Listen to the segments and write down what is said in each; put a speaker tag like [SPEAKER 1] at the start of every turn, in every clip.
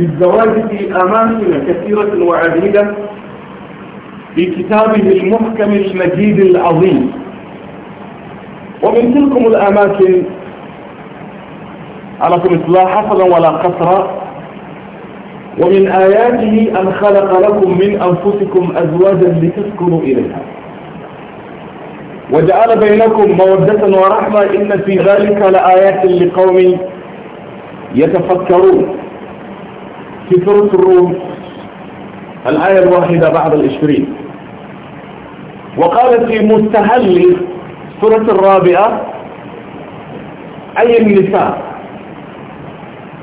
[SPEAKER 1] بالزواج في أماكن كثيرة وعديدة في كتابه المحكم المجيد العظيم ومن تلكم الأماكن على كل لا حصلا ولا قصرا ومن آياته أن خلق لكم من أنفسكم أزواجا لتسكنوا إليها وجعل بينكم مودة ورحمة إن في ذلك لآيات لقوم يتفكرون في سورة الروم الآية الواحدة بعد العشرين وقال في مستهل سورة الرابعة أي النساء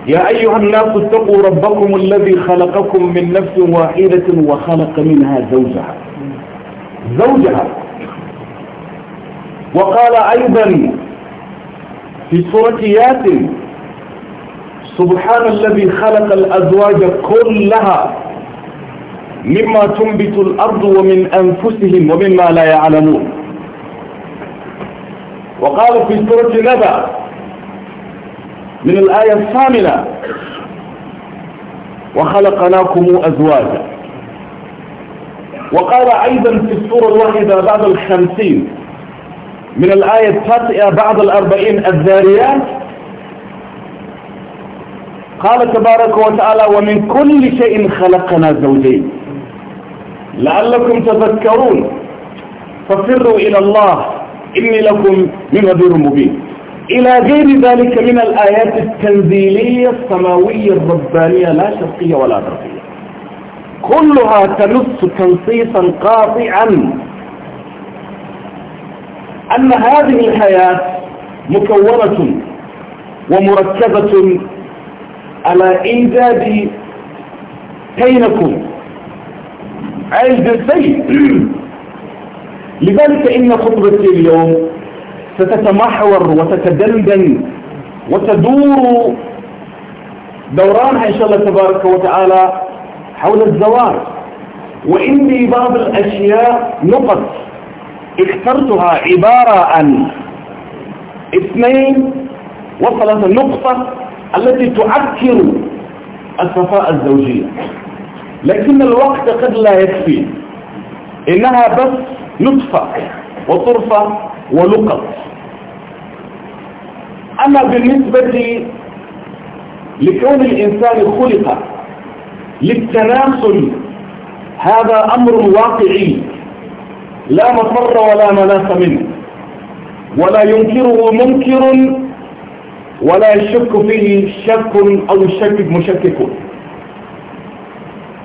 [SPEAKER 1] يا أيها الناس اتقوا ربكم الذي خلقكم من نفس واحدة وخلق منها زوجها زوجها وقال أيضا في سورة ياسين سبحان الذي خلق الأزواج كلها مما تنبت الأرض ومن أنفسهم ومما لا يعلمون وقال في سورة نبأ من الآية الثامنة وخلقناكم أزواجا وقال أيضا في السورة الواحدة بعد الخمسين من الآية التاسعة بعد الأربعين الذاريات قال تبارك وتعالى ومن كل شيء خلقنا زوجين لعلكم تذكرون ففروا إلى الله إني لكم من نذير مبين إلى غير ذلك من الآيات التنزيلية السماوية الربانية لا شرقية ولا غربية كلها تنص تنصيصا قاطعا أن هذه الحياة مكونة ومركبة على إيجاد بينكم عند السيد لذلك إن خطبتي اليوم ستتمحور وتتدندن وتدور دورانها إن شاء الله تبارك وتعالى حول الزواج وإني بعض الأشياء نقط اخترتها عبارة عن اثنين وصلت نقطة التي تعكر الصفاء الزوجية لكن الوقت قد لا يكفي إنها بس نطفة وطرفة ولقط أما بالنسبة لكون الإنسان خلق للتناسل هذا أمر واقعي لا مفر ولا مناس منه ولا ينكره منكر ولا يشك فيه شك أو يشكك مشككون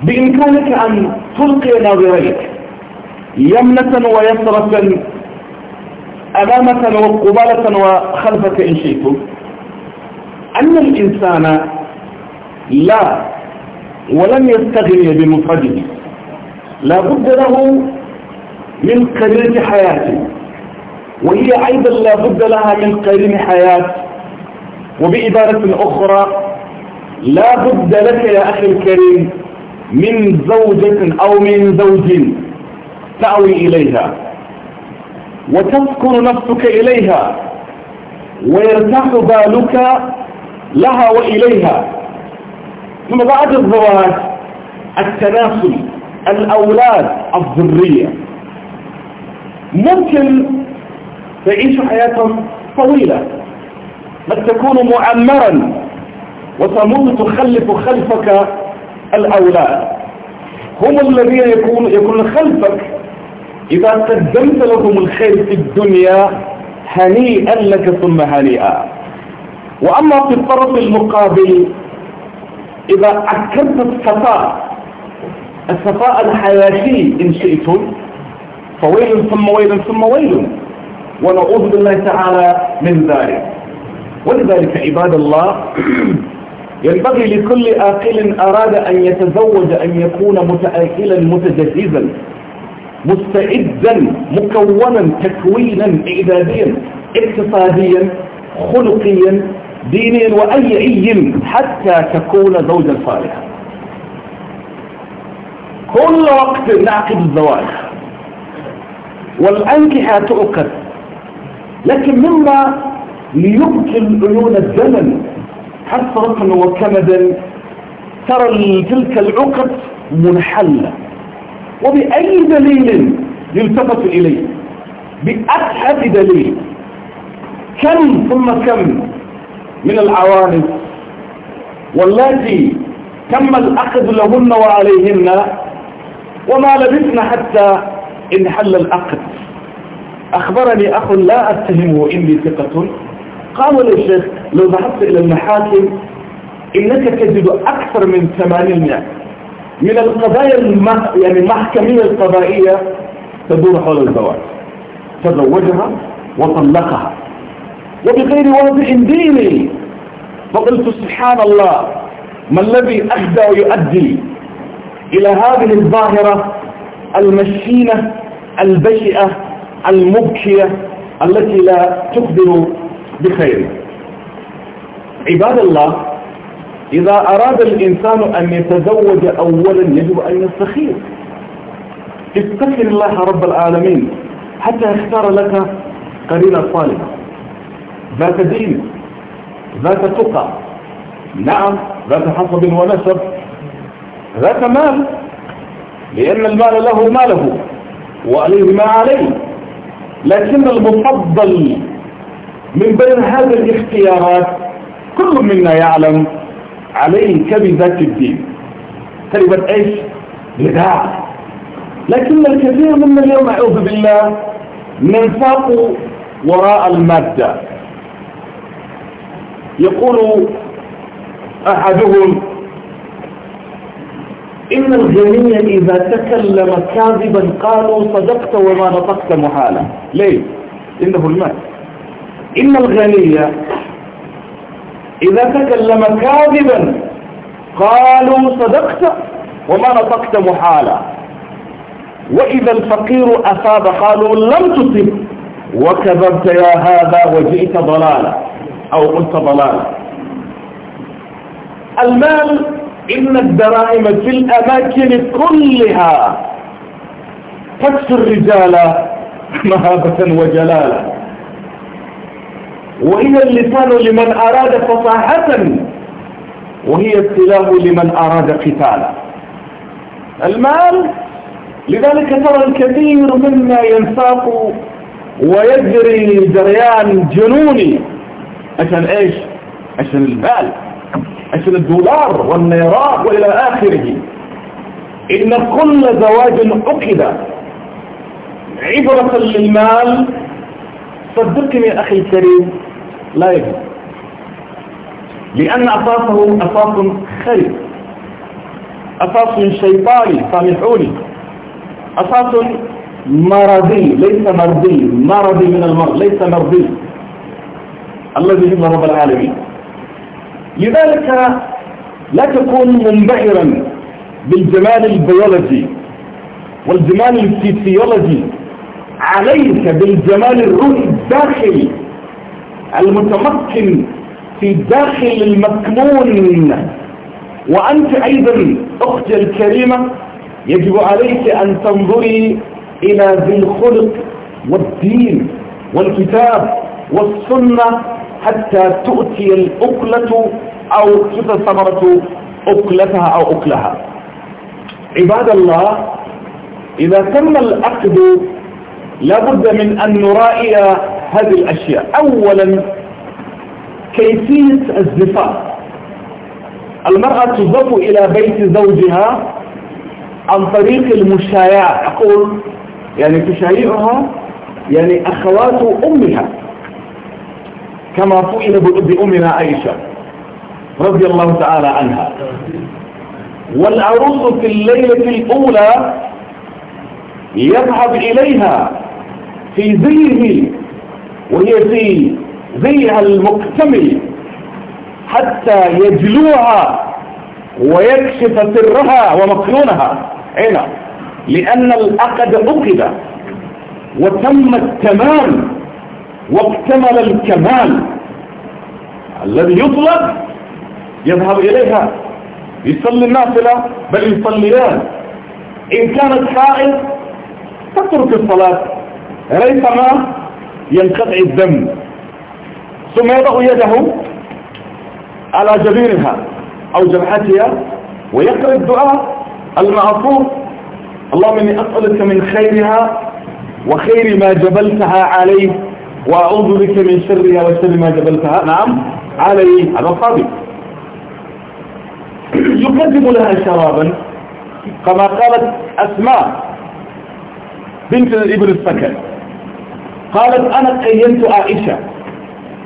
[SPEAKER 1] بإمكانك أن تلقي ناظريك يمنة ويسرة أمامة وقبالة وخلفك إن شئت أن الإنسان لا ولم يستغني بمفرده لا بد له من قرينة حياته وهي أيضا لا بد لها من قرين حياة وبإدارة أخرى لا بد لك يا أخي الكريم من زوجة أو من زوج تأوي إليها وتسكن نفسك إليها ويرتاح بالك لها وإليها ثم بعد الزواج التناسل الأولاد الذرية ممكن تعيش حياة طويلة بل تكون معمرا وثمود تخلف خلفك الأولاد هم الذين يكون يكون خلفك إذا قدمت لهم الخير في الدنيا هنيئا لك ثم هنيئا وأما في الطرف المقابل إذا أكدت الصفاء الصفاء الحياتي إن شئتم فويل ثم ويل ثم ويل ونعوذ بالله تعالى من ذلك ولذلك عباد الله ينبغي لكل آقل أراد أن يتزوج أن يكون متآكلا متجهزا مستعدا مكونا تكوينا إعداديا اقتصاديا خلقيا دينيا وأي أي حتى تكون زوجا صالحا كل وقت نعقد الزواج والأنكحة تؤكد لكن مما ليبطل عيون الزمن حتى رقما وكمدا ترى تلك العقد منحلة وبأي دليل يلتفت إليه بأتحف دليل كم ثم كم من العوارض والتي تم الأخذ لهن وعليهن وما لبثنا حتى انحل الأخذ أخبرني أخ لا أتهمه إني ثقة قالوا الشيخ لو ذهبت إلى المحاكم إنك تجد أكثر من 800 من القضايا المح... يعني المحكمية القضائية تدور حول الزواج تزوجها وطلقها وبغير واضح ديني فقلت سبحان الله ما الذي أهدى ويؤدي إلى هذه الظاهرة المشينة البشئة المبكية التي لا تقدر بخير عباد الله إذا أراد الإنسان أن يتزوج أولا يجب أن يستخير استخير الله رب العالمين حتى يختار لك قرينة صالحة ذات دين ذات تقى نعم ذات حصب ونسب ذات مال لأن المال له ماله وعليه ما عليه لكن المفضل من بين هذه الاختيارات كل منا يعلم عليه كذبة الدين كذبة ايش؟ بدعة لكن الكثير منا اليوم اعوذ بالله ننفاق وراء المادة يقول احدهم إن الغنية إذا تكلم كاذبا قالوا صدقت وما نطقت محالا ليه؟ إنه المال إن الغني إذا تكلم كاذبا قالوا صدقت وما نطقت محالا وإذا الفقير أصاب قالوا لم تصب وكذبت يا هذا وجئت ضلالا أو قلت ضلالا المال إن الدراهم في الأماكن كلها تكسر الرجال مهابة وجلالا وهي اللسان لمن أراد فصاحة وهي السلاح لمن أراد قتالا المال لذلك ترى الكثير مما ينساق ويجري جريان جنوني عشان ايش عشان المال عشان الدولار والنيران والى اخره ان كل زواج عقد عبرة للمال صدقني يا أخي الكريم لا يجوز لأن أساسه أساس خير أساس شيطاني سامحوني أساس مرضي ليس مرضي مرضي من المرض ليس مرضي الذي يجب رب العالمين لذلك لا تكون منبهرا بالجمال البيولوجي والجمال الفيسيولوجي عليك بالجمال الروحي الداخلي المتمكن في الداخل المكنون وأنت أيضا أختي الكريمة يجب عليك أن تنظري إلى ذي الخلق والدين والكتاب والسنة حتى تؤتي الأكلة أو تؤتي أكلتها أو أكلها عباد الله إذا تم الأكد لابد من أن نرائي هذه الأشياء أولا كيفية الزفاف المرأة تضف إلى بيت زوجها عن طريق المشايع أقول يعني تشايعها يعني أخوات أمها كما فعل بأمنا عائشة رضي الله تعالى عنها والعروس في الليلة الأولى يذهب إليها في زيه وهي في زيها المكتمل حتى يجلوها ويكشف سرها ومكنونها هنا لأن الأقد أقد وتم التمام واكتمل الكمال الذي يطلب يذهب إليها يصلي النافلة بل يصليان إن كانت حائض تترك الصلاة ريثما ينقطع الدم ثم يضع يده على جبينها أو جبهتها ويقرأ الدعاء المعصوم اللهم إني أسألك من خيرها وخير ما جبلتها عليه وأعوذ بك من شرها وشر ما جبلتها نعم عليه هذا الصادق يقدم لها شرابا كما قالت أسماء بنت ابن السكن قالت أنا قيمت عائشة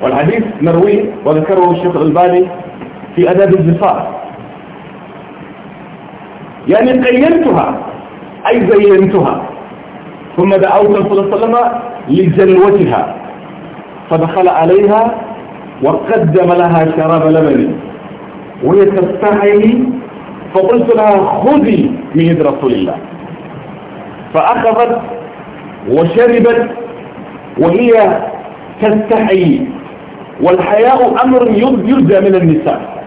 [SPEAKER 1] والحديث مروي وذكره الشيخ الباني في أداب الزفاف يعني قيمتها أي زينتها ثم دعوت صلى الله عليه وسلم لجلوتها فدخل عليها وقدم لها شراب لبن وهي تستحي فقلت لها خذي من يد رسول الله فأخذت وشربت وهي تستحي والحياء أمر يرجى من النساء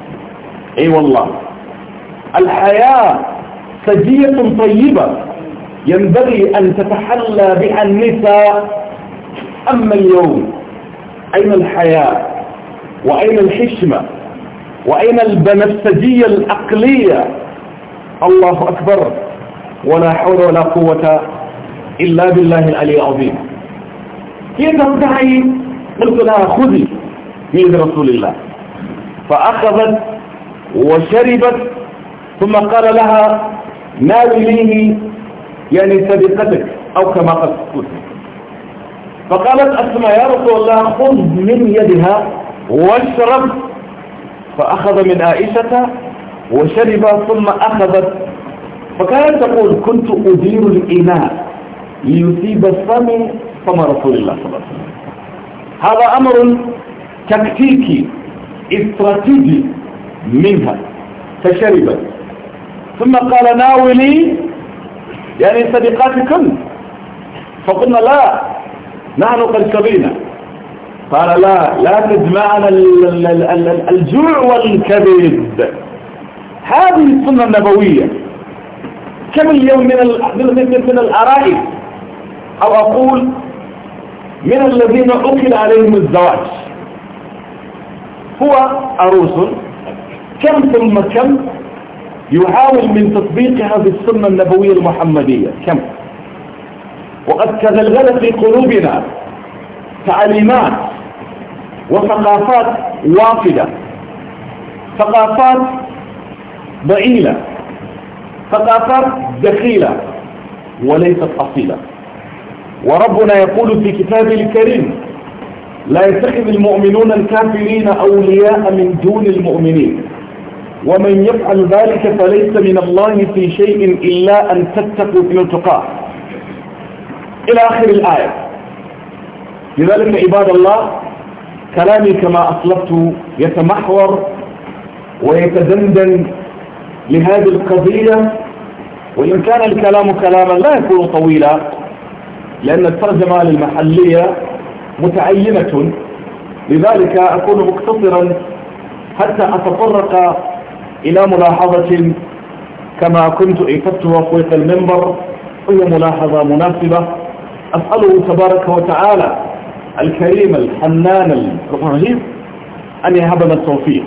[SPEAKER 1] أي أيوة والله الحياء سجية طيبة ينبغي أن تتحلى بها النساء أما اليوم أين الحياء وأين الحشمة وأين البنفسجية الأقلية الله أكبر ولا حول ولا قوة إلا بالله العلي العظيم هي تنتهي قلت لها خذي بيد رسول الله فأخذت وشربت ثم قال لها ناوليه يعني صديقتك أو كما قد قلت فقالت أسمى يا رسول الله خذ من يدها واشرب فأخذ من عائشة وشرب ثم أخذت فكانت تقول كنت أدير الإناء ليصيب السم فم رسول الله صلى الله عليه وسلم هذا أمر تكتيكي استراتيجي منها فشربت ثم قال ناولي يعني صديقاتكم فقلنا لا نحن قد شربنا قال لا لا تجمعنا الجوع والكبد هذه السنة النبوية كم اليوم من من من الأرائب أو أقول من الذين أكل عليهم الزواج هو عروس كم ثم كم يحاول من تطبيق هذه السنة النبوية المحمدية كم وقد تغلغلت في قلوبنا تعليمات وثقافات وافدة ثقافات ضئيلة ثقافات دخيلة وليست أصيلة وربنا يقول في كتابه الكريم لا يتخذ المؤمنون الكافرين أولياء من دون المؤمنين ومن يفعل ذلك فليس من الله في شيء إلا أن تتقوا في التقاه إلى آخر الآية لذلك عباد الله كلامي كما أصلبت يتمحور ويتدندن لهذه القضية وإن كان الكلام كلاما لا يكون طويلا لأن الترجمة للمحلية متعينة لذلك أكون مقتصرا حتى أتطرق إلى ملاحظة كما كنت أيفتها فوق المنبر وهي ملاحظة مناسبة أسأله تبارك وتعالى الكريم الحنان الرهيب أن يهبنا التوفيق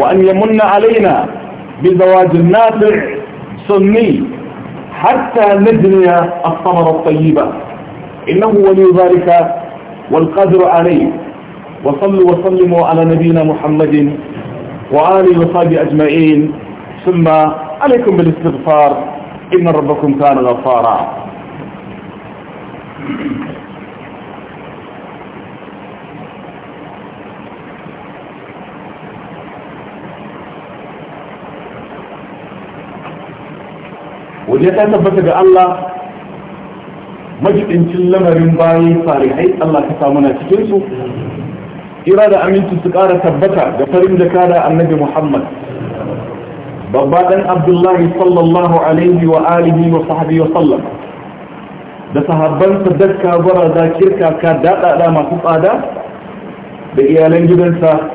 [SPEAKER 1] وأن يمن علينا بزواج نافع سني حتى نجني الثمرة الطيبة إنه ولي ذلك والقدر عليه وصلوا وسلموا على نبينا محمد وآله وصحبه أجمعين ثم عليكم بالاستغفار إن ربكم كان غفارا wajen ta tabbata ga Allah majidincin lamarin bayan farihai Allah ka samu na cikin su kira da aminci su kara tabbata da farin da kada annabi Muhammad babba dan Abdullahi sallallahu alaihi wa alihi wa sahbihi wa sallam da sahabban sadaka bara kirka ka dada masu tsada da iyalan gidansa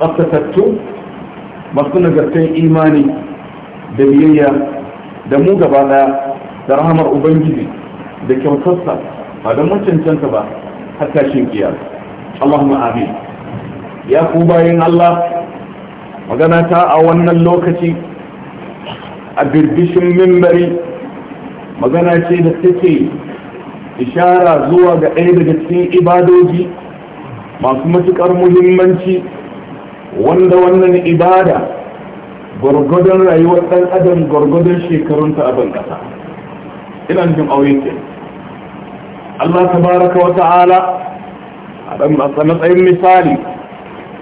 [SPEAKER 1] tsaftatattu masu nagartar imani da biyayya da mu gaba daya da rahamar ubangiji da kyautarsa ba don macancanta ba har tashin kiyar Allahumma amin ya ku bayan Allah magana ta a wannan lokaci a birbishin mimbari magana ce da take ishara zuwa ga ɗaya daga cikin ibadoji masu matuƙar muhimmanci wanda wannan ibada gwargwadon rayuwar ɗan adam gwargwadon shekarunta a ƙasa ina jin auyen ke Allah ta baraka wa ta'ala a matsayin misali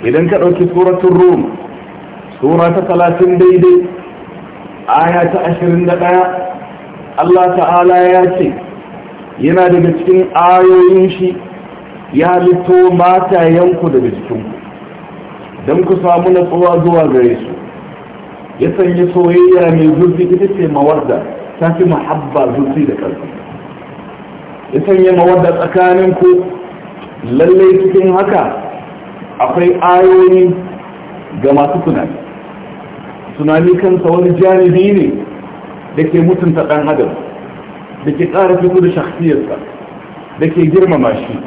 [SPEAKER 1] idan ka ɗauki suratun rum sura ta talatin daidai aya ta ashirin da ɗaya Allah ta'ala ya ce yana daga cikin ayoyin shi ya lito mata yanku daga cikinku don ku samu natsuwa zuwa gare su ya sanya soyayya mai zurfi ita ce mawarda ta fi mahabba zurfi da ƙarfi ya sanya mawarda tsakanin ku lallai cikin haka akwai ayoyi ga masu tunani tunani kansa wani janibi ne da ke mutunta ɗan adam da ke ƙara fito da shakhsiyarsa da ke girmama shi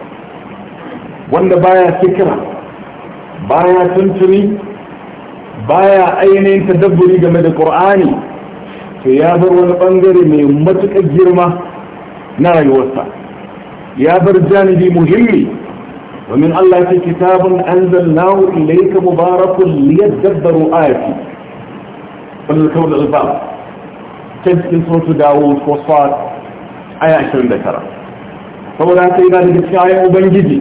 [SPEAKER 1] wanda baya fikira baya tuntuni baya ainihin tadabburi game da ƙur'ani to ya bar من ɓangare الجرمة نرى girma na rayuwarsa ya bar ومن الله في كتاب أنزلناه إليك مبارك ليتدبروا آياتي من الكون الغفار كيف يصور داوود وصفات آية 20 ذكرى فولا سيدنا لك شعي أبنجدي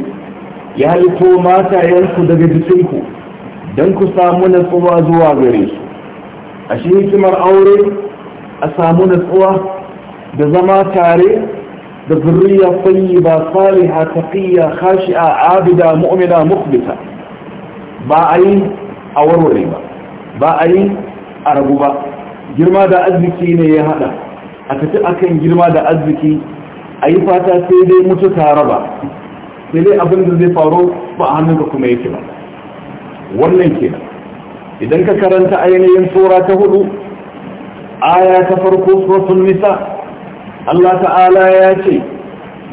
[SPEAKER 1] يا لكو ما تعيش دقيقتينكو don ku samu natsuwa zuwa gare su a shi hikimar aure a samu natsuwa da zama tare da zurriya ba saliha taqiya khashi'a abida mu'mina mukhbita ba a yi a warware ba ba a yi a ragu ba girma da arziki ne ya hada a tafi akan girma da arziki a yi fata sai dai mutu tare ba sai dai abin da zai faru ba a hannunka kuma yake ba wannan kenan idan ka karanta ainihin tsora ta hudu aya ta farko sun nisa Allah ta'ala ya ce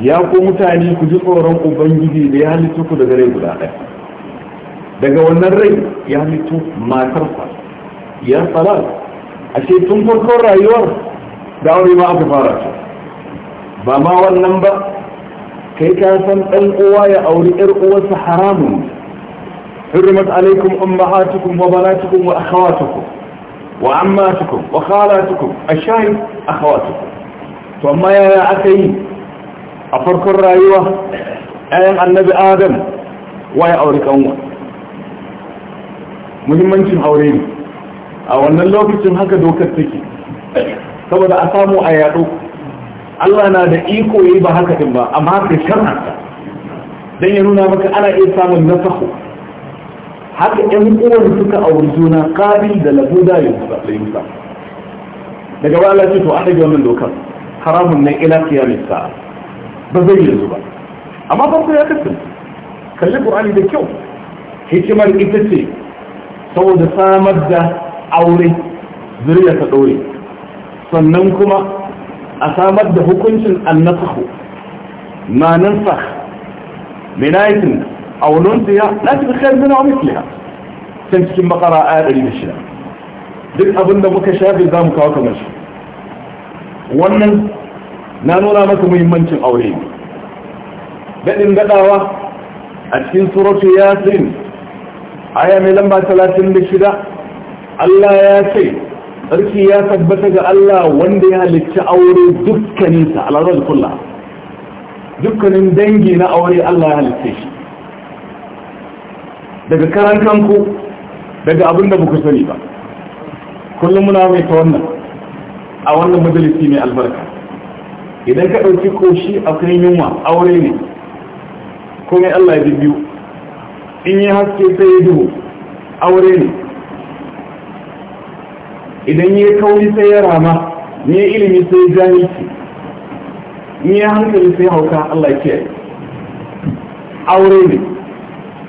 [SPEAKER 1] ya ku mutane ku ji tsoron ubangiji da ya halittu ku daga rai guda ɗaya daga wannan rai ya halittu matarsa ya a ashe tun farkon rayuwar da aure ma aka fara su ba ma wannan ba kai ka san ɗan uwa ya auri ƴar uwarsa haramun حرمت عليكم أمهاتكم وبناتكم وأخواتكم وعماتكم وخالاتكم الشاهد أخواتكم ثم يا يا أخي أفرق الرأيوة أين النبي آدم ويا أوريك أمه مهم من شم أوريني أولا لو بيتم هكا دوكتك ثم دا أسامو آياتو الله نادا إيكو إيبا هكا تبا أمهاتك شرحك دين ينونا بك أنا إيسام النسخ haka yan uwan suka auri juna ƙabil da labuda da daga baya lafi to an rage wannan dokar haramun na ila kiyamin sa'a ba zai yanzu ba amma farko ya kasance kalli qur'ani da kyau hikimar ita ce saboda samar da aure zuriya ta ɗore sannan kuma a samar da hukuncin annasahu ma nansakh minayatin او الانثية ناس بخير منها ومثلها تمسكين بقراء آل المشنة دل أظن مكشاف إذا مكاوك مشهر ونن نانو رامك مهمانك الأولين بأن بقاوة أتكين سورة ياسين آيام لما ثلاثين بشدة الله ياسين ركي يا ثبتك الله وانديها لتأوري دكا على الرجل كلها دكا ندنجي نأوري الله لتشي daga karan kanku daga abin da buku sani ba kullum muna mai ta wannan a wannan majalisi mai albarka idan ka ɗauki koshi kan yunwa aure ne komai allah ya biyu in yi haske sai ya duhu aure ne idan ya kauri sai ya rama ne ilimi sai ya ni yi hankali sai hauka allah ya ke aure ne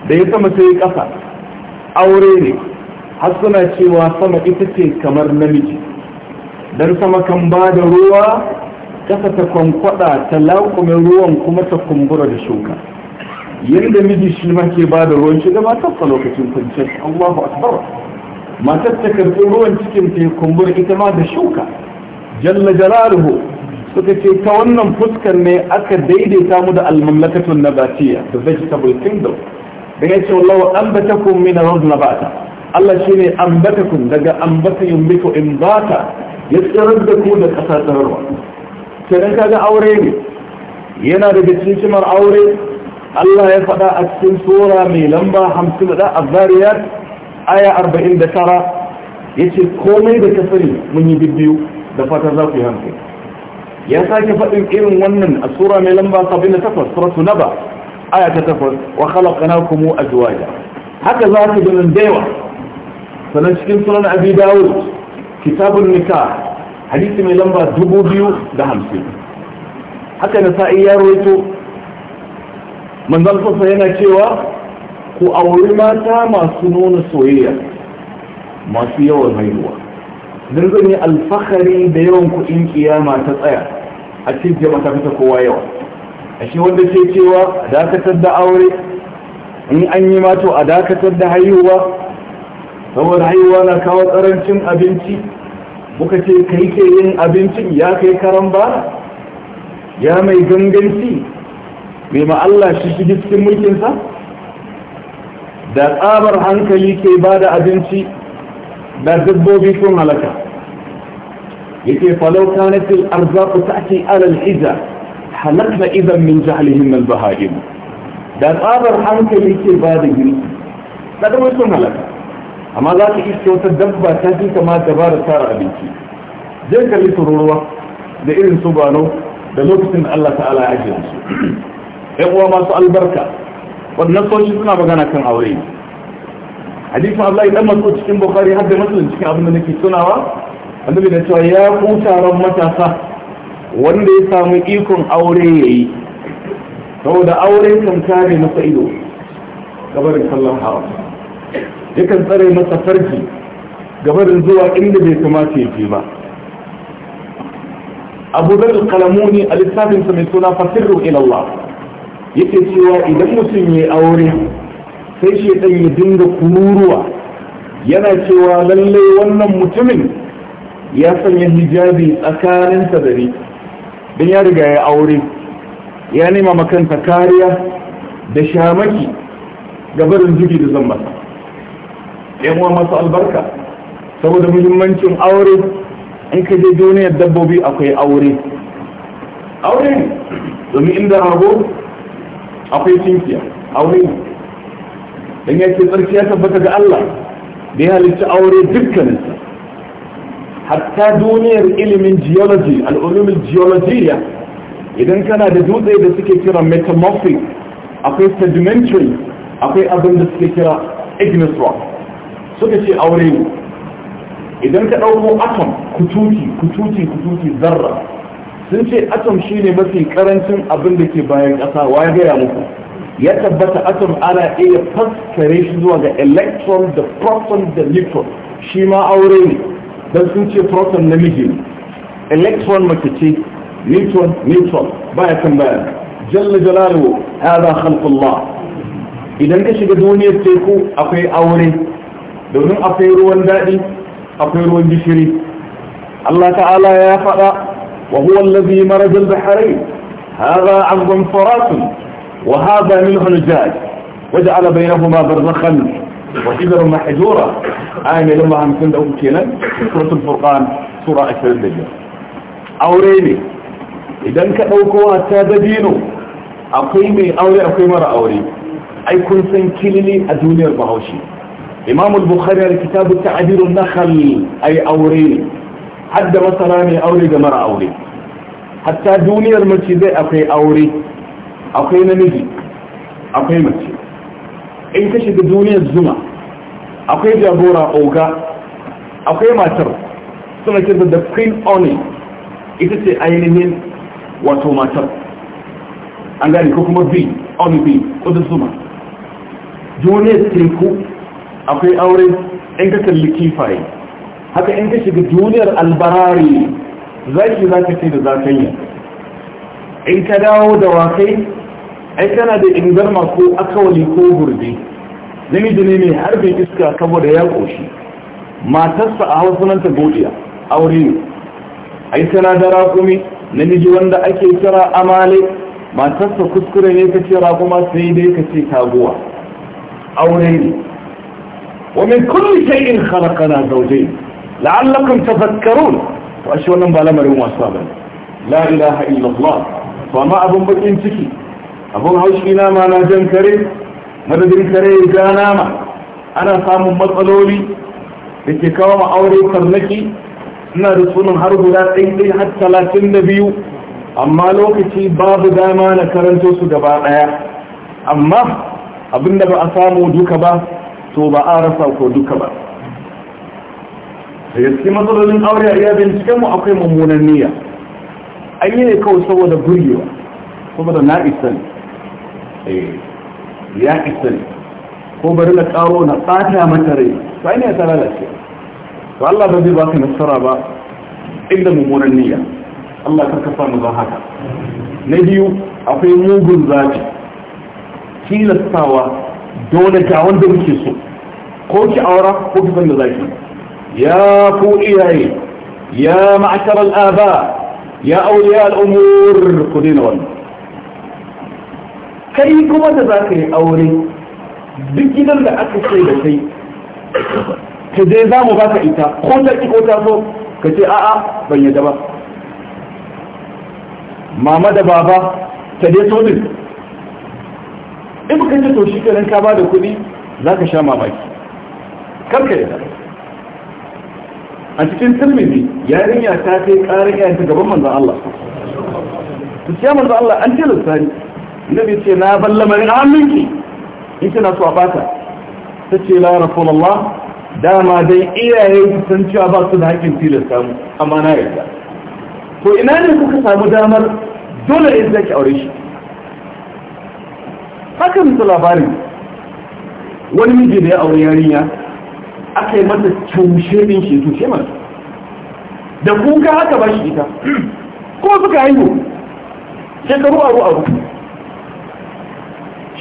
[SPEAKER 1] da ya sama sai ƙasa aure ne har suna cewa sama ita ce kamar namiji don sama kan ba da ruwa ƙasa ta kwankwada ta laƙume ruwan kuma ta kumbura da shuka yadda miji shi ma ke ba da ruwan shi da matarsa lokacin kwanciyar Allahu akbar matar ta ruwan cikin ta kumbura ita ma da shuka jalla jalaluhu suka ce ta wannan fuskar ne aka daidaita mu da almamlakatun nabatiya the vegetable kingdom da ya ce wallahu ambatakum min ar-rajul nabata Allah shine ambatakum daga ambata in bata ya tsirar da ku da ƙasa tsararwa sai kaga aure ne yana da cikin aure Allah ya faɗa a cikin sura mai lamba 51 az-zariyat aya 49 yace komai da ka sani mun yi bibbiyu da fatan za ku yi hankali ya sake faɗin irin wannan a sura mai lamba 78 suratu naba aya ta takwas wa khalaqnakum azwaja haka za ku ga da yawa sanan cikin sunan abi dawud kitabun nikah hadisi mai lamba dubu biyu da hamsin, haka na sa'i ya rawaito manzon sosa yana cewa ku auri mata masu nuna soyayya masu yawan haihuwa dan zan yi alfahari da yawan kuɗin kiyama ta tsaya a cikin jama'a ta kowa yawa ashe wanda ke cewa a dakatar da aure in an yi mato a dakatar da haihuwa saboda haihuwa na kawo karancin abinci muka ce kai ke yin abincin ya kai karan ba ya mai ganganci mai ma'alla shi shi cikin mulkinsa da tsabar hankali ke ba da abinci da dabbobi sun halaka yake na kanatil arzaku ta'ti alal iza halakna idan min jahalihin al baha'im da tsabar hankali ke ba da giri da sun halaka amma za ka iske wata dabba ta fi kama da tara abinci zai kalli tururuwa da irin su bano da lokacin da Allah ta'ala ya ajiye su ɗan uwa masu albarka wannan soshi suna magana kan aure hadisin Allah ya dan cikin Bukhari har da cikin abin da nake tunawa annabi da cewa ya ku taron matasa wanda ya samu ikon aure ya yi saboda aure kan kare masa ido gabarin kallon hawa yakan tsare masa farki gabarin zuwa inda bai kamata ya fi ba abu a lissafinsa mai suna fasirru ilallah yake cewa idan mutum ya aure sai shi ɗan ya dinga kururuwa yana cewa lallai wannan mutumin ya sanya hijabi tsakaninsa da ni don ya riga ya aure ya nema makanta kariya da shamaki ga barin zuki da zan masa ya uwa masu albarka saboda muhimmancin aure in ka je duniyar dabbobi akwai aure aure domin inda rago akwai cinkiya aure don ya ce tsarki ya tabbata ga Allah da ya halitta aure dukkaninsa hatta duniyar ilimin geology al'ulumin geologiya idan kana da dutse da suke kira metamorphic akwai sedimentary akwai abin da suke kira igneous rock suka ce aure ne idan ka ɗauko atom kututi kututi kututi zarra sun ce atom shine mafi karancin abin da ke bayan ƙasa wa ya gaya muku ya tabbata atom ana iya faskare shi zuwa ga electron da proton da neutron shi ma aure ne don sun ce proton na namiji electron mace ce neutron neutron baya kan baya jalla jalalu hada khalqullah idan ka shiga duniyar teku akwai aure domin akwai ruwan daɗi akwai ruwan gishiri Allah ta'ala ya faɗa wa huwa allazi marajal bahari hada azam farat wa hada milhun jaj waj'ala bainahuma barzakhan wa idar mahjura aya mai lamba 53 kenan suratul furqan sura 25 aure ne idan ka dauko ta dabino akwai mai aure akwai mara aure ai kun kilili a duniyar bahaushe imam al-bukhari al-kitab ta'dir an-nakhl ai aure ne hadda masara ne aure da mara aure hatta duniyar mace zai akwai aure akwai namiji akwai shiga duniyar zuma akwai jagora oga akwai matar suna kirta da queen oni ita ce ainihin wato matar an gani ko kuma b oni ko da zuma duniyar teku akwai aure in ka kalli kifaye haka in ka shiga juniyar albarari zaki za ka ce da yi in ka dawo da wakai ai kana da ingarma ko akawali ko gurbi namiji ne mai harbin iska saboda ya ƙoshi matarsa a hausunanta godiya aure ne ai tana da rakumi namiji wanda ake kira amale matarsa kuskure ne ka ce rakuma sai dai ka ce taguwa aure ne wa min kulli shay'in khalaqana zawjayn la'allakum tafakkarun to ashe wannan ba lamarin wasa bane la ilaha illa allah to amma abun bakin ciki abun haushi na ma na jan kare madadin kare ya ja nama ana samun matsaloli da ke kawo aure farnaki ina da sunan har guda ɗaiɗai har talatin da biyu amma lokaci babu dama na karanto su gaba ɗaya amma abinda ba a samu duka ba to ba a rasa ko duka ba da gaske matsalolin aure a iya binciken mu akwai mummunan niyya an yi ne kawai saboda gurgewa saboda na isa eh. ya isa ne ko bari na karo na tsata mata rai ba ne ta lalace to Allah ba zai baka nasara ba inda mummunan niyya Allah ka kafa mu ba haka na biyu akwai mugun zafi tilastawa dole ga wanda muke so ko ki aura ko ki san da zaki ya ku iyaye ya ma'ashar al'aba ya auliya al'umur ku dina wannan kai kuma da za ka yi aure duk gidan da aka ce da kai ka je za mu baka ita ko ta ki ko ta so ka ce a'a ban yadda ba mama da baba ta dai so in ka ce to shi kenan ka ba da kuɗi za ka sha mamaki Kar ka yadda a cikin turmini yarinya ta kai yayin ta gaban manzan Allah. Tuciya manzan Allah an tilasta ni nabi ce na bar lamarin hannunki in kina so a bata ta ce la rasulallah dama dai iyaye san cewa ba su da haƙƙin tilasta mu amma na yarda to ina ne kuka samu damar dole ne zaki aure shi haka mutu labarin wani miji da ya aure yarinya aka yi mata cushe din shi to shema da kuka haka ba shi ita ko suka haihu shekaru abu abu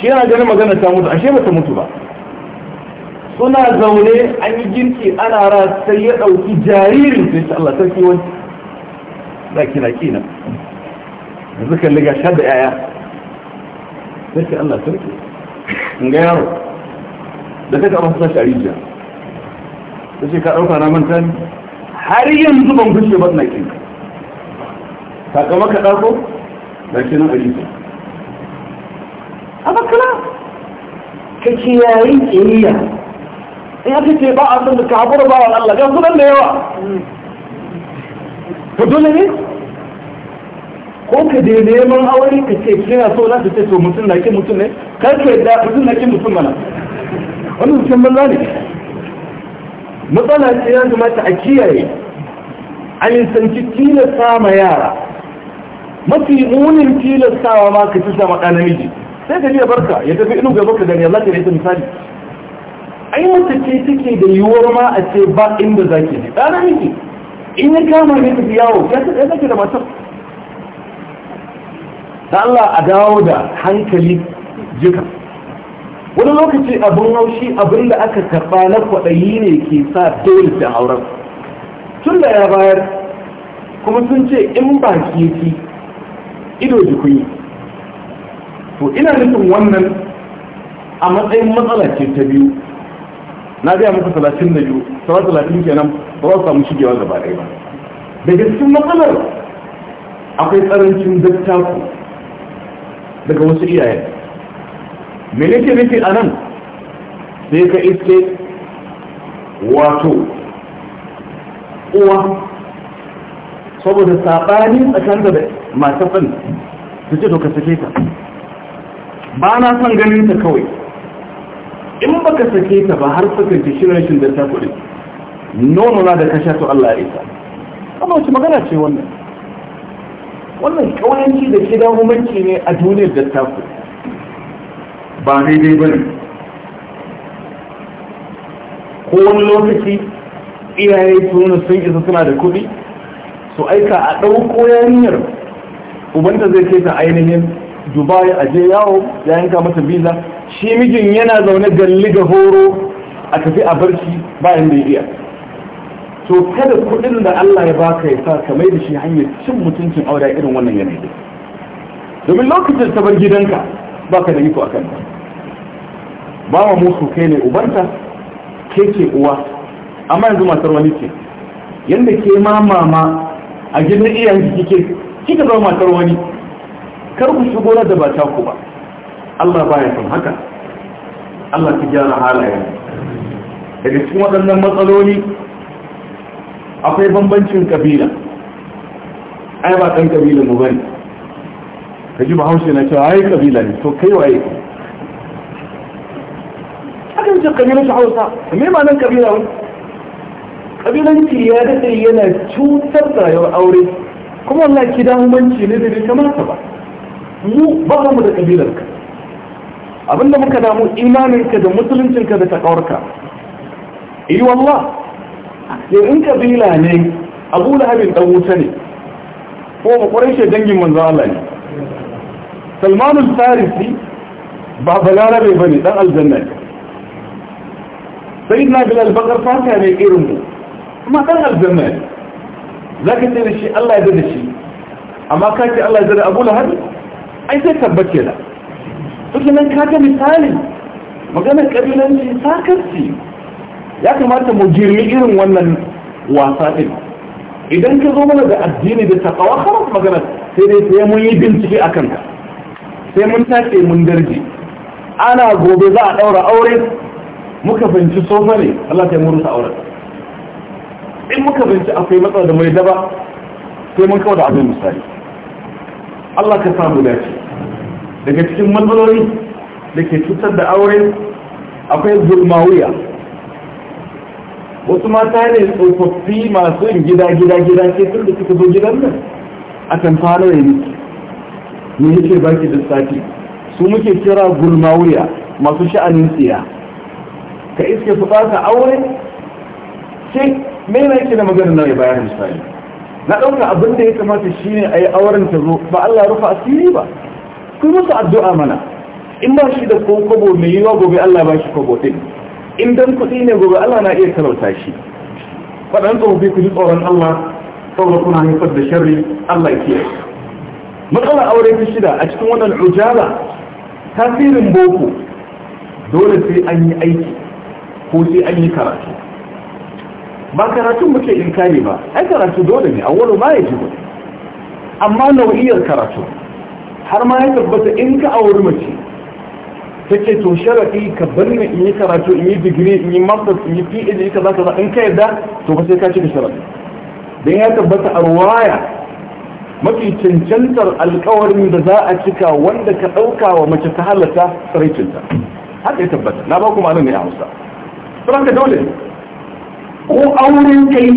[SPEAKER 1] shi yana ganin magana ta mutu ashe ta mutu ba suna zaune an yi girki ana ra sai ya ɗauki jaririn sai ta Allah sarki wani da kina kina yanzu kan liga sha da yaya sai ta Allah sarki in ga yaro da kai taɓa sa shi a rijiya ta ce ka ɗauka na manta har yanzu ban gushe ba na kina sakamaka ɗako da kinan a rijiya ka kiyayi kiyayya in aka ce ba a san da ka haƙura ba wa Allah ga sunan da yawa to dole ne ko ka dai neman aure ka ce kina so za ka ce to mutum na ki mutum ne kai ka yadda mutum na ki mutum mana wannan mutum banza ne matsala ce ya kamata a kiyaye a nisanci tilasta ma yara mafi munin tilastawa ma ka ci sama ɗan namiji sai gari ya barka ya tafi inu ga barka gani Allah ya rita misali ai mutace take da yiwuwar ma a ce ba inda zaki ne dana miki in ya kama ne tafi yawo ya ta take da matar da Allah a dawo da hankali jika wani lokaci abin haushi abin da aka karɓa na kwaɗayi ne ke sa dole da auren tun da ya bayar kuma sun ce in ba ki ido jikuni to ina nufin wannan a matsayin matsala ce ta biyu na gaya muku talatin da biyu sauran talatin kenan ba za su samu shigewa gaba ɗaya ba daga cikin matsalar akwai tsarancin dattaku daga wasu iyaye. me nake nufi a nan sai ka iske wato uwa saboda saɓani tsakanin da masu su ce to ka sake ka ba na son ganin ta kawai in baka sake ta ba har sakanci shi rashin da ta kuɗi nono na da ka sha to Allah ya isa amma wace magana ce wannan wannan kawayanci da ke da hukumanci ne a duniyar da ta kuɗi ba daidai ba ne ko wani lokaci iyaye su nuna sun isa suna da kuɗi su aika a ɗauko yarinyar ubanta zai ce ta ainihin dubai a je yawo ya yanka masa visa shi mijin yana zaune galli ga horo a tafi a barci bayan da iya to kada kudin da Allah ya baka ya sa ka mai da shi hanyar cin mutuncin aure irin wannan yanayi domin lokacin ta bar gidanka baka da iko akan ta ba mu musu kai ne ubanta ke ce uwa amma yanzu matar wani ce yanda ke ma mama a gidan iyayen kike kika zama matar wani kar ku shigo da ba ta ku ba Allah ba ya san haka Allah ki gyara halayen daga cikin waɗannan matsaloli akwai bambancin kabila ai ba ɗan kabila mu bane ka ji bahaushe na cewa ai kabila ne to kai waye akan ce kabilan shi hausa me ma nan kabila wani kabilanci ya daɗe yana cutar da rayuwar aure kuma ki kidan hukunci ne da bai kamata ba mu ba mu da kabilarka abinda muka damu imaninka da musuluncinka da taƙawarka. yi wallah sai in kabila ne abu da lahabin dan wuta ne ko makwarai shi dangin manzo Allah ne salmanul farisi ba balarabe ba ne dan aljanna ne sai na bilal bakar fata ne irin mu amma ɗan aljanna ne za ka ce da shi Allah ya da shi amma ka ce Allah ya da abu da lahabin ai sai tabbace da suke nan kaga misali maganar kabilanci sakarci ya kamata mu girmi irin wannan wasa din idan ka zo mana da addini da takawa kawai maganar sai dai sai mun yi bincike a kanka sai mun tace mun darji ana gobe za a ɗaura aure muka binci sofa ne Allah ta yi murusa auren in muka binci akwai matsala da mai daba sai mun kawo da abin misali Allah ka samu dace daga cikin matsaloli da ke cutar da aure akwai zurmawuya wasu mata ne tsofaffi masu yin gida gida gida ke tun da suka zo gidan nan a kan fara yi miki ne yake baki da sati su muke kira gulmawuya masu sha'anin siya ka iske su ka aure ce me na yake na maganin nan ya bayar misali na ɗauka abin da ya kamata shi ne a yi auren ta zo ba Allah rufa asiri ba ku musu addu'a mana in ba shi da kokobo mai yiwa gobe Allah ba shi kobo din in dan kuɗi ne gobe Allah na iya talauta shi faɗan tsofaffi ku ji tsoron Allah saboda kuna haifar da sharri Allah ya kiyaye matsala aure ta shida a cikin wannan ujaba tasirin boko dole sai an yi aiki ko sai an yi karatu ba karatu muke in kare ba ai karatu dole ne a wani ma ya yajibu amma nau'iyar karatu har ma ya tabbata in ka auri mace take to sharafi ka bar ni in yi karatu in yi digiri in yi masters in yi phd kaza kaza in ka yarda to ba sai ka cika sharafi dan ya tabbata a ruwaya mafi cancantar alkawarin da za a cika wanda ka dauka wa mace ta halatta tsaraicinta haka ya tabbata na ba ku ma'anar ne a hausa tsoron ka dole ko auren kai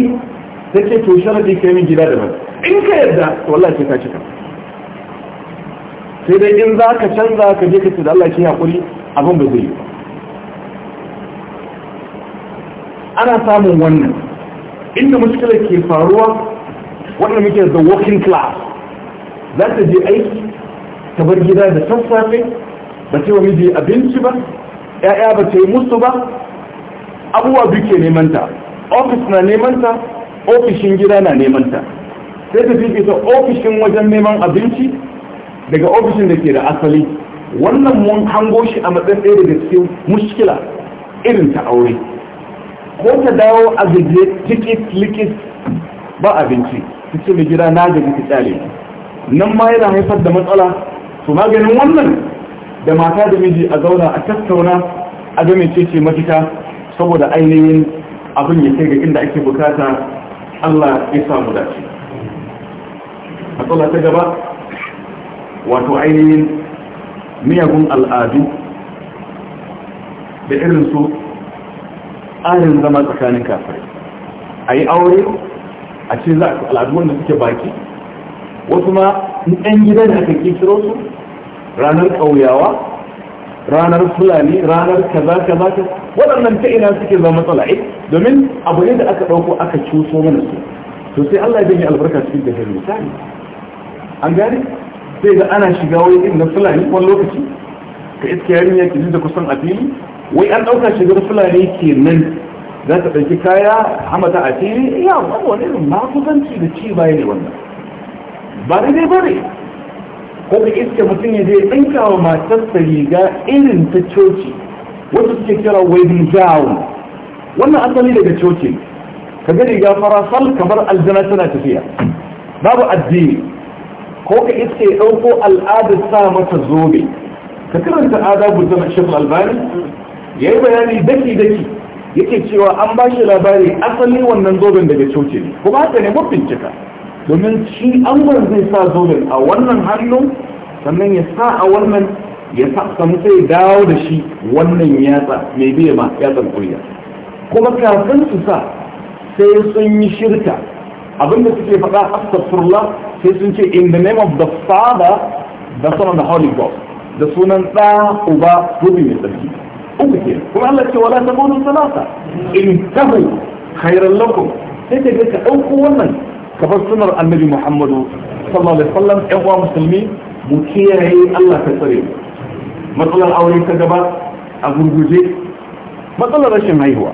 [SPEAKER 1] da ce to ka yi min gida da mai in ka yarda to wallahi sai ka cika sai dai in za ka canza ka je ka ce da Allah ke haƙuri abin ba zai yi ba ana samun wannan inda mushkilar ke faruwa wannan muke da working class za ta je aiki ta bar gida da sassafe ba ce wa miji abinci ba ya'ya ba ce musu ba abubuwa biyu ke neman ofis na nemanta ofishin gida na nemanta ta sai ta fi ofishin wajen neman abinci daga ofishin da ke da asali wannan mun hango shi a matsayin ɗaya daga cikin mushkila irin ta aure ko ta dawo a gaje tikit likit ba abinci ta ce mai gida na gaji ta tsale nan ma yana haifar da matsala to maganin wannan da mata da miji a zauna a tattauna a ga mece ce mafita saboda ainihin abin ya kai ga inda ake bukata Allah ya samu dace matsala ta gaba wato ainihin miyagun al'adu da irin su arin zama tsakanin kafirai a yi aure a ce za a al'adu wanda suke baki wasu ma ɗan gidan da ka kishiro su ranar ƙauyawa ranar fulani ranar kaza kaza waɗannan ta ina suke zama matsala eh? domin abu ne da aka ɗauko aka cuso mana su to sai Allah ya bin albarka cikin da misali an gane sai ga ana shiga wai irin na fulani wani lokaci ka iska yarinya ki da kusan a fili wai an ɗauka shigar fulani ke nan za ta ɗauki kaya hamata a fili ya wani irin makuzanci da ci baya ne wannan ba daidai ba ne ko da iska mutum ya je ɗinka wa ta riga irin ta coci wata suke kira wedding gown wannan asali daga coci ka ga riga farasal kamar aljana tana tafiya babu addini ko ka iske ɗauko al'adar sa mata zobe ka karanta adabu zama shekul albani ya yi bayani daki daki yake cewa an ba shi labari asali wannan zoben daga coci ne kuma haka ne mafi cika domin shi an zai sa zoben a wannan hannu sannan ya sa a wannan ya sa sai dawo da shi wannan yatsa mai biya ma yatsan kuriya kuma kafin su sa sai sun yi shirka abinda suke faɗa astaghfirullah sai sun ce in the name of the father da son of the holy god da sunan ɗa uba rubi mai tsarki uku ke kuma Allah ce wala ta bono salata in tahu khairan lakum sai ka ga ka ɗauko wannan ka bar sunar annabi Muhammadu sallallahu alaihi wasallam ƴan uwa musulmi mu kiyaye Allah ka tsare matsalar aure ta gaba a gurguje matsalar rashin haihuwa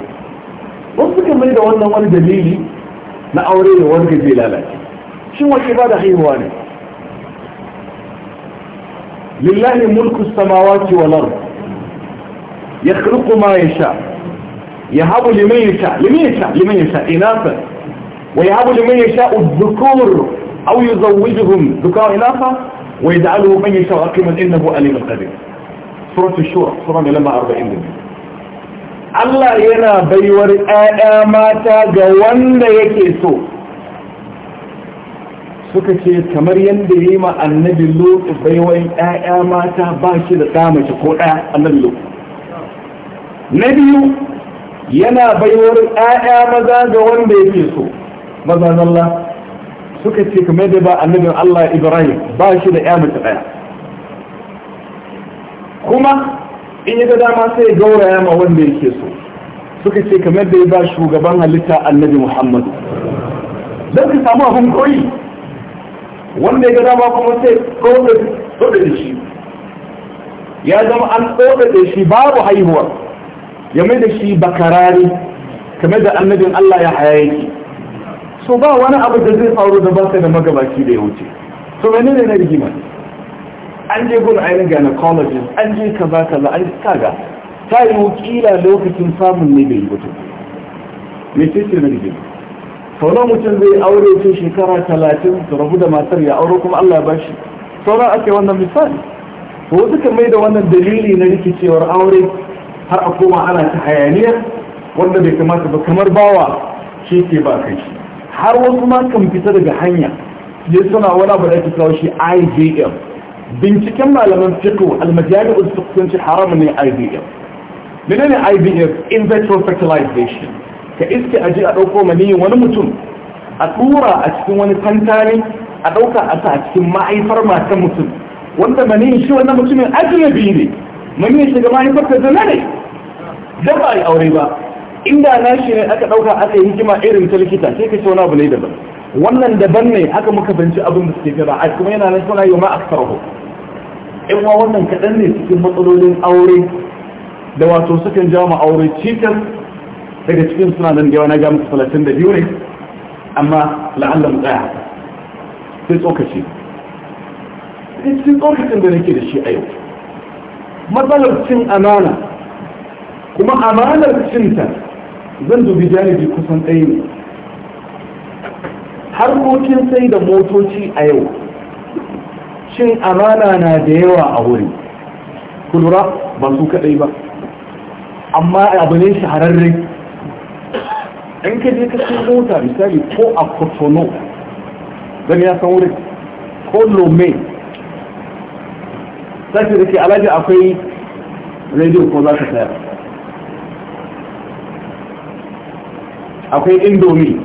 [SPEAKER 1] wasu kan mai da wannan wani dalili na aure ne wani gaje lalace shin wace ibada haihuwa ne lillahi mulku samawati wal ard yakhluqu ma yasha yahabu liman yasha liman yasha liman yasha inatha wa yahabu liman yasha adh-dhukur aw yuzawwijuhum dhukara inatha ويجعله من يشاء أقيما إنه أليم القدير سورة الشورى سورة لما أربعين دمين Allah yana baiwar ‘ya'ya mata ga wanda yake so suka ce kamar yadda yi ma annabi lutu baiwar ‘ya'ya mata ba shi da damace ko ɗaya annabi lutu na biyu yana baiwar ‘ya'ya maza ga wanda yake so maza zalla suka ce kamar da ba annabin Allah Ibrahim ba shi da ‘ya mace ɗaya kuma in ya ga dama sai ya gauraya ma wanda yake so suka ce kamar da ya ba shugaban halitta annabi muhammadu don ka samu abin koyi wanda ya ga dama kuma sai ɗoɗe da shi ya zama an ɗoɗe shi babu haihuwa ya mai da shi bakarari kamar da annabin Allah ya haya yake so ba wani abu da zai faru da ba da magabaci da ya wuce so menene na rigima an je gun yin gynecologist an je kaza kaza an kaga ta yi wukila lokacin samun ne bai mutu mai ce ce rigi sauran mutum zai aure ce shekara talatin su rabu da matar ya aure kuma allah ba shi sauran ake wannan misali ko wasu kan mai da wannan dalili na rikicewar aure har a koma ana ta hayaniya wanda bai kamata ba kamar bawa shi ke ba kai shi har wasu ma kan fita daga hanya je suna wani abu da ake kawo shi IJM binciken malaman fiqh al-majali al-fiqh shi haram ne IVF menene IVF in vitro fertilization ka iske aje a dauko maniyin wani mutum a tura a cikin wani fantani a dauka a sa a cikin ma'aifar matan mutum wanda maniyin shi wannan mutumin ajnabi ne maniyin shi ga ma'aifar ta zana ne da ba yi aure ba inda nashi ne aka dauka aka yi hikima irin ta likita sai ka ce wani abu ne daban wannan daban ne haka muka binci abin da suke kira a kuma yana nan suna yi ma aksarhu in wa wannan kaɗan ne cikin matsalolin aure da wato sukan jawo ma aure cikas daga cikin suna nan gawa na gamu talatin da biyu ne amma la'alla mu tsaya sai tsokaci sai cikin tsokacin da nake da shi a yau matsalar cin amana kuma amanar cinta zan dubi janibi kusan ɗaya ne harkokin sai da motoci a yau cin amana na da yawa a wuri Kudura ba su kadai ba amma abu ne shahararre in ka je ka cin mota misali ko a kotono zan ya san wuri ko lome sashi da ke alaji akwai rediyo ko za ka saya akwai indomi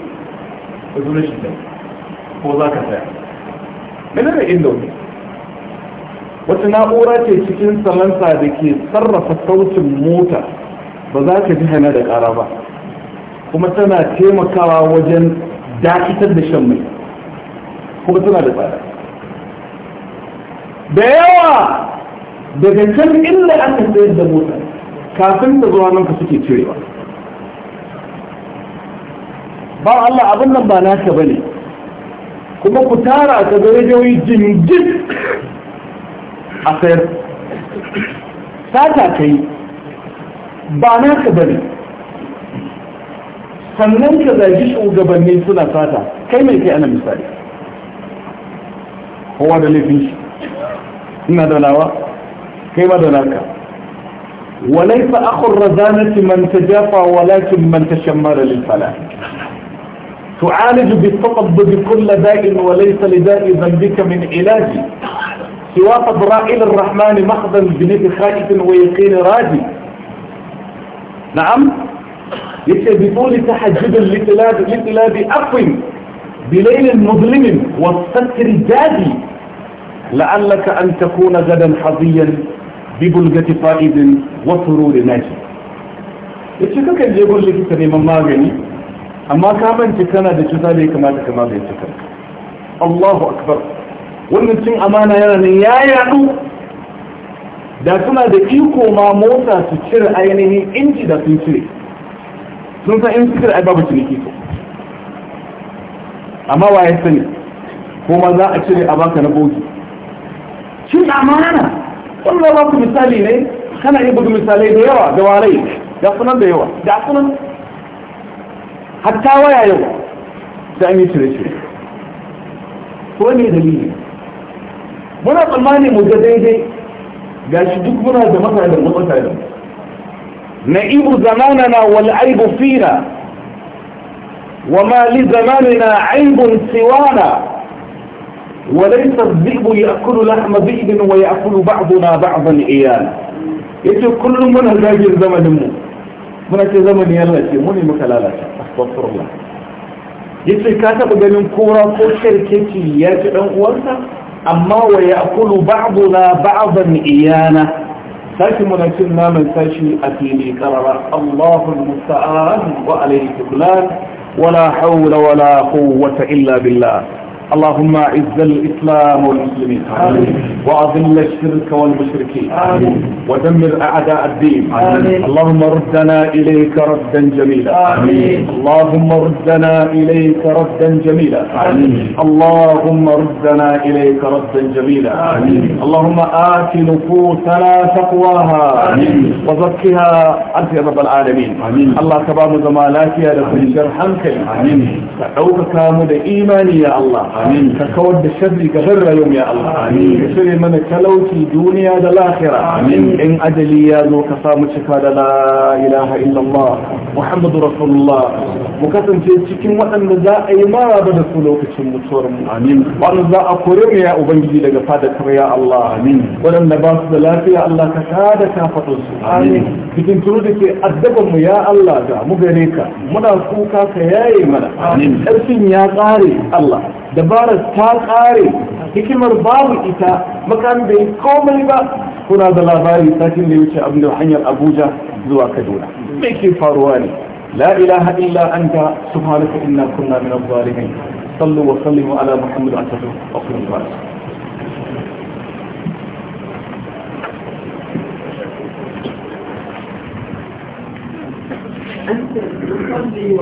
[SPEAKER 1] ko za ka saya menene indomi wata na'ura ce cikin salansa da ke sarrafa sautin mota ba za ka ji hana da ƙara ba kuma tana taimakawa wajen dakitar da shan mai kuma tana da tsada da yawa daga can illa aka sayar da mota kafin da zuwa nan ka suke cirewa ba Allah abin nan ba naka bane kuma ku tara ta da rajoyi jingin حصر ساتا كي بانا كبري سنن كذاجيش او من سنة ساتا كي ميكي انا مثالي هو ده اللي فيش انا دلاوة كي ما دلاكا وليس اخو الرزانة من تجافى ولكن من تشمر للفلاح تعالج بالتقض بكل داء وليس لداء ذنبك من علاج سوى فضرائل الرحمن محضا بنيت خائف ويقين راجي نعم يكتب بطول تحجد لتلاب أقو بليل مظلم والستر جادي لعلك أن تكون غدا حظيا ببلغة فائد وسرور ناجي yace kakan يقول لك likita neman magani amma ka mance kana da cuta da ya kamata ka magance wannan cin amana yana nan ya yadu da suna da iko ma mota su cire ainihin inji da sun cire sun san in su cire ai babu ciniki ko amma wa ya sani ko ma za a cire a baka na bogi cin amana wannan ba ku misali ne kana yi bugu misalai da yawa da warai da sunan da yawa da sunan hatta waya yau sai an yi cire cire ko ne dalili muna tsammani mu ga daidai gashi duk muna da matsalar matsalar na'ibu zamanana wal aibu fina وما لزماننا عيب سوانا وليس الذئب يأكل لحم ذئب ويأكل بعضنا بعضا إيانا yace kullum muna zagin zamaninmu muna ce zamani ya lalace mu ne muka lalace astaghfirullah yace ka taba ganin kora ko sharkeci ya ci dan uwansa أما ويأكل بعضنا بعضا إيانا ساكي منكسلنا من ساشي أتيني كررا الله المستعان وعليه كبلان ولا حول ولا قوة إلا بالله اللهم اعز الإسلام والمسلمين وأذل الشرك والمشركين ودمر أعداء الدين اللهم ردنا إليك ردا جميلا اللهم ردنا إليك ردا جميلا اللهم ردنا إليك ردا جميلا اللهم آت نفوسنا تقواها وزكها أنت يا رب العالمين الله تبارك وتعالى يا رب الجرحمك فعوك كامل إيماني يا الله amin ka kawar da sharri ga zarra yau ya Allah amin ka shirye mana talauci duniya da lahira amin in ajali ya zo ka samu cika da la ilaha illallah muhammadu rasulullah mu kasance cikin waɗanda za a yi maraba da su lokacin mutuwar mu amin waɗanda za a kore mu ya ubangiji daga fadakar ya Allah amin waɗanda ba su da lafiya Allah ka da kafaɗin su amin cikin turu da ke addaban mu ya Allah da mu gare ka muna kuka ka yaye mana amin ƙarfin ya ƙare Allah dabarar ta ƙare hikimar babu ita makamin da ya komai ba kuna da labari satin da ya wuce abin da hanyar abuja zuwa kaduna me ke faruwa ne la ilaha illa anta subhanaka inna kunna min adh-dhalimin sallu wa sallimu ala muhammad wa sallu wa sallimu أنت تصلي